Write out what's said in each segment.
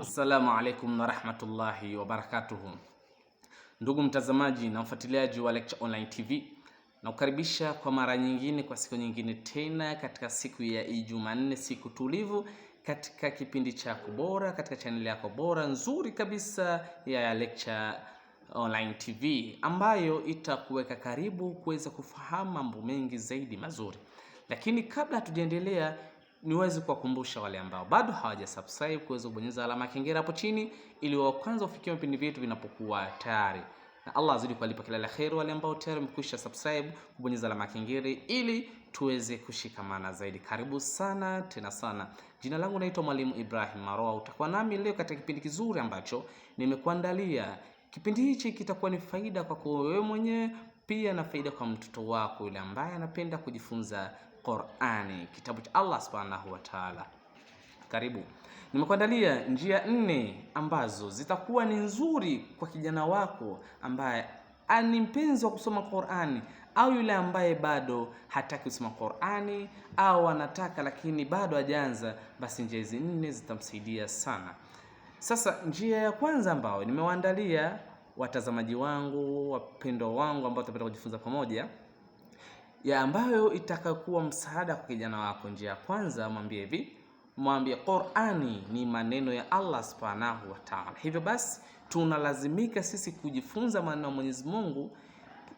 Assalamu alaikum warahmatullahi wabarakatuhu, ndugu mtazamaji na mfuatiliaji wa Lecture Online TV, nakukaribisha kwa mara nyingine kwa siku nyingine tena katika siku ya ijumanne nne, siku tulivu katika kipindi chako bora katika chaneli yako bora nzuri kabisa ya Lecture online TV ambayo itakuweka karibu kuweza kufahamu mambo mengi zaidi mazuri. Lakini kabla hatujaendelea, niweze kuwakumbusha wale ambao bado hawaja subscribe kuweza kubonyeza alama ya kengele hapo chini ili wa kwanza ufikie vipindi vyetu vinapokuwa tayari, na Allah azidi kuwalipa kila la kheri wale ambao tayari wamekwisha subscribe kubonyeza alama ya kengele ili tuweze kushikamana zaidi. Karibu sana tena sana. Jina langu naitwa Mwalimu Ibrahim Maroa. Utakuwa nami leo katika kipindi kizuri ambacho nimekuandalia Kipindi hichi kitakuwa ni faida kwako wewe mwenyewe pia na faida kwa mtoto wako yule ambaye anapenda kujifunza Qur'ani, kitabu cha Allah Subhanahu wa Ta'ala. Karibu. Nimekuandalia njia nne ambazo zitakuwa ni nzuri kwa kijana wako ambaye ni mpenzi wa kusoma Qur'ani au yule ambaye bado hataki kusoma Qur'ani au anataka lakini bado hajaanza, basi njia hizi nne zitamsaidia sana. Sasa njia ya kwanza ambayo nimewaandalia watazamaji wangu, wapendwa wangu ambao tutapenda kujifunza pamoja, ya ambayo itakayokuwa msaada kwa kijana wako. Njia ya kwanza, mwambie hivi, mwambie Qur'ani ni maneno ya Allah Subhanahu wa Ta'ala. Hivyo basi tunalazimika sisi kujifunza maneno ya Mwenyezi Mungu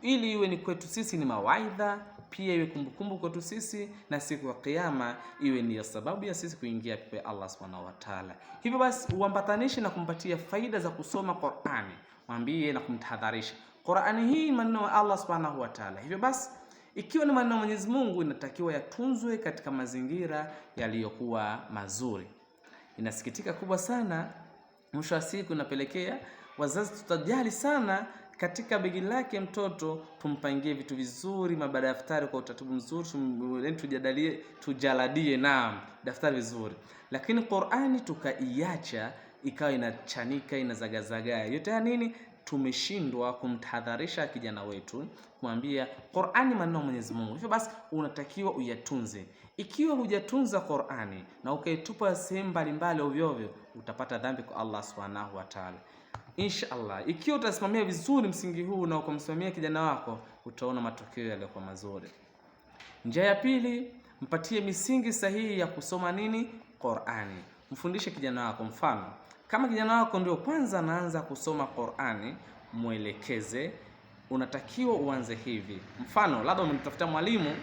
ili iwe ni kwetu sisi ni mawaidha pia iwe kumbukumbu kwetu sisi na siku ya Kiyama iwe ni sababu ya sisi kuingia kwa Allah subhanahu wa taala. Hivyo basi, uambatanishe na kumpatia faida za kusoma Qurani, mwambie na kumtahadharisha. Qurani hii maneno ya Allah subhanahu wa taala. Hivyo basi ikiwa ni maneno ya Mwenyezi Mungu inatakiwa yatunzwe katika mazingira yaliyokuwa mazuri. Inasikitika kubwa sana, mwisho wa siku inapelekea wazazi tutajali sana katika begi lake mtoto tumpangie vitu vizuri, mabada daftari kwa utaratibu mzuri, yaani tujadalie, tujaladie na daftari vizuri, lakini Qur'ani tukaiacha ikawa inachanika inazagazagaa. Yote ya nini? Tumeshindwa kumtahadharisha kijana wetu, kumwambia Qur'ani maneno ya Mwenyezi Mungu. Hivyo basi unatakiwa uyatunze. Ikiwa hujatunza Qur'ani na ukaitupa sehemu mbalimbali ovyo ovyo, utapata dhambi kwa Allah Subhanahu wa Ta'ala. Inshallah, ikiwa utasimamia vizuri msingi huu na ukamsimamia kijana wako, utaona matokeo yaliyokuwa mazuri. Njia ya pili, mpatie misingi sahihi ya kusoma nini? Qur'ani. Mfundishe kijana wako. Mfano, kama kijana wako ndio kwanza anaanza kusoma Qur'ani, mwelekeze unatakiwa uanze hivi. Mfano, labda umemtafuta mwalimu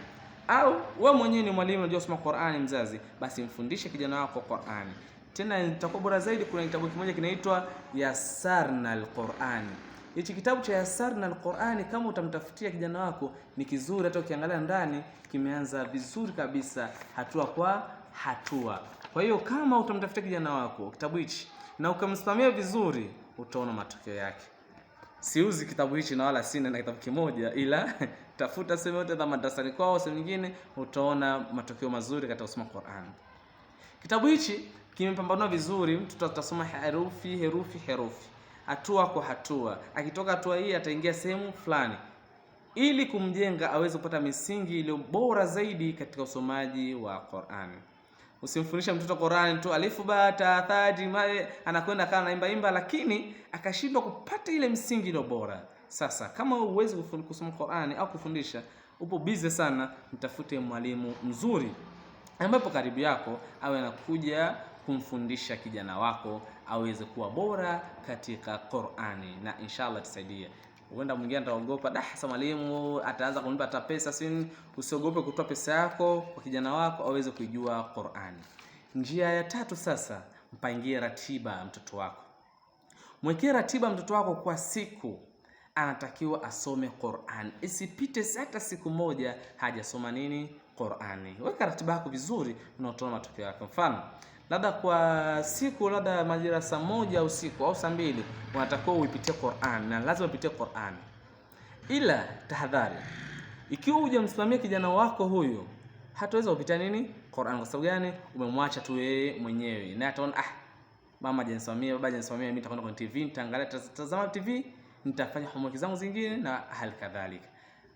au wewe mwenyewe ni mwalimu unajua kusoma Qur'ani, mzazi, basi mfundishe kijana wako Qur'ani. Tena nitakuwa bora zaidi, kuna kitabu kimoja kinaitwa Yasarna al quran Hichi kitabu cha Yasarna al quran kama utamtafutia kijana wako ni kizuri, hata ukiangalia ndani kimeanza vizuri kabisa, hatua kwa hatua. Kwa hiyo kama utamtafutia kijana wako kitabu hichi na ukamsimamia vizuri, utaona matokeo yake. Siuzi kitabu hichi na wala sina na kitabu kimoja, ila tafuta sehemu yote za madrasani kwao, sehemu nyingine, utaona matokeo mazuri katika kusoma Qur'an. Kitabu hichi kimepambanua vizuri, mtu atasoma herufi herufi herufi, hatua kwa hatua. Akitoka hatua hii ataingia sehemu fulani, ili kumjenga aweze kupata misingi iliyo bora zaidi katika usomaji wa Qur'an. Usimfundishe mtoto Qur'an tu alifu ba ta tha jima, e, anakwenda kana naimba imba, lakini akashindwa kupata ile msingi iliyo bora. Sasa kama wewe huwezi kusoma Qur'an au kufundisha, upo busy sana, mtafute mwalimu mzuri ambapo karibu yako awe anakuja kumfundisha kijana wako aweze kuwa bora katika Qur'ani, na inshallah tusaidie. Huenda mwingine ataogopa, da, sasa mwalimu ataanza kunipa hata pesa. Si usiogope kutoa pesa yako kwa kijana wako aweze kujua Qur'ani. Njia ya tatu sasa, mpangie ratiba mtoto wako, mwekee ratiba mtoto wako kwa siku anatakiwa asome Qur'an, isipite hata siku moja hajasoma nini Qur'ani. Weka ratiba yako vizuri, na utaona matokeo yake. Mfano, labda kwa siku labda majira saa moja usiku au saa mbili unatakiwa uipitie Qur'an na lazima upitie Qur'an, ila tahadhari, ikiwa hujamsimamia kijana wako huyu hataweza kupitia nini Qur'an. Kwa sababu gani? Umemwacha tu yeye mwenyewe, naye ataona ah, mama hajanisimamia, baba hajanisimamia, mimi nitakwenda kwenye TV nitaangalia, tazama TV, nitafanya homework zangu zingine na hali kadhalika.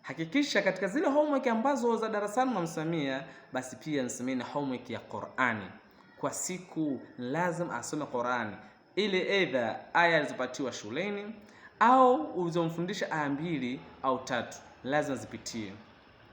Hakikisha katika zile homework ambazo za darasani unamsimamia, basi pia msimamie na homework ya Qur'ani kwa siku, lazima asome Qurani ile aidha aya alizopatiwa shuleni au ulizomfundisha aya mbili au tatu, lazima zipitie.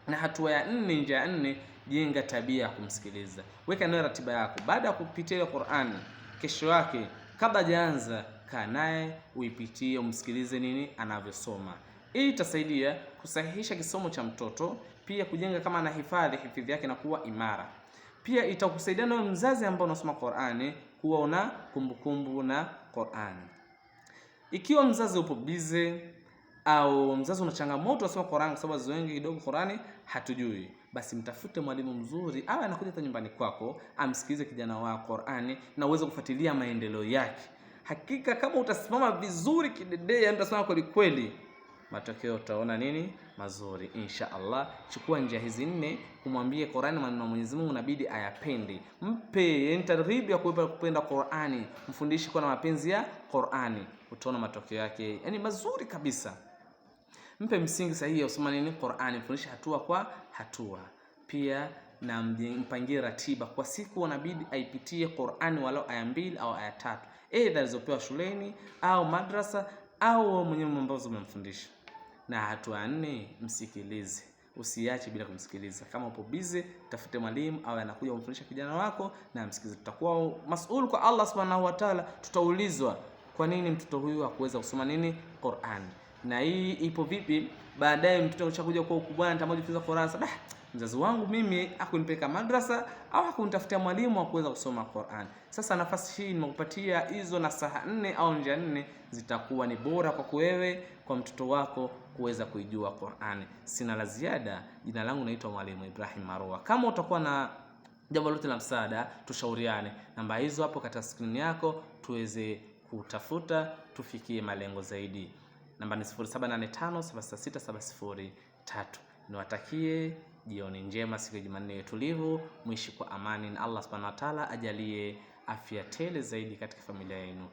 Na hatua ya nne, njia ya nne, jenga tabia ya kumsikiliza. Weka nayo ratiba yako, baada ya kupitia ile Qurani, kesho yake kabla hajaanza, kaa naye uipitie, umsikilize nini anavyosoma. Hii itasaidia kusahihisha kisomo cha mtoto, pia kujenga kama anahifadhi hifadhi yake na kuwa imara. Pia itakusaidia nawe mzazi ambao unasoma Qur'ani kuwa una kumbukumbu na Qur'ani. Ikiwa mzazi upo bize au mzazi una changamoto unasoma Qur'ani, kwa sababu wazazi wengi kidogo Qur'ani hatujui, basi mtafute mwalimu mzuri au anakuja hata nyumbani kwako, amsikilize kijana wa Qur'ani na uweze kufuatilia maendeleo yake. Hakika kama utasimama vizuri kidedea, utasoma kweli kweli matokeo utaona nini mazuri, insha Allah. Chukua njia hizi nne kumwambia Qur'ani maneno ya Mwenyezi Mungu, inabidi ayapende, mpe targhibu ya kuipa kupenda Qur'ani, mfundishi kwa na mapenzi ya Qur'ani, utaona matokeo yake yani mazuri kabisa. Mpe msingi sahihi ya kusoma nini Qur'ani, mfundishe hatua kwa hatua pia na mpangie ratiba kwa siku, wanabidi aipitie Qur'ani walau aya mbili au aya tatu, aidha alizopewa shuleni au madrasa au mwenyewe ambazo umemfundisha. Na hatua nne, msikilize. Usiache bila kumsikiliza. Kama upo busy, tafute mwalimu au anakuja kumfundisha kijana wako na msikilize. Tutakuwa masuhuli kwa Allah subhanahu wa ta'ala, tutaulizwa kwa nini mtoto huyu hakuweza kusoma nini Qur'an, na hii ipo vipi? Baadaye mtoto ushakuja kwa ukubwa, anatamani kujifunza Qur'an sasa mzazi wangu mimi hakunipeleka madrasa au hakunitafutia mwalimu wa kuweza kusoma Qur'an. Sasa nafasi hii nimekupatia hizo nasaha nne au njia nne, zitakuwa ni bora kwa kuwewe kwa mtoto wako kuweza kuijua Qur'an. Sina la ziada. Jina langu naitwa Mwalimu Ibrahim Marua. Kama utakuwa na jambo lolote la msaada, tushauriane. Namba hizo hapo katika skrini yako, tuweze kutafuta tufikie malengo zaidi. Namba ni 0785766003. Niwatakie Jioni njema, siku ya Jumanne tulivu, mwishi kwa amani, na Allah subhanahu wa taala ajalie afya tele zaidi katika familia yenu.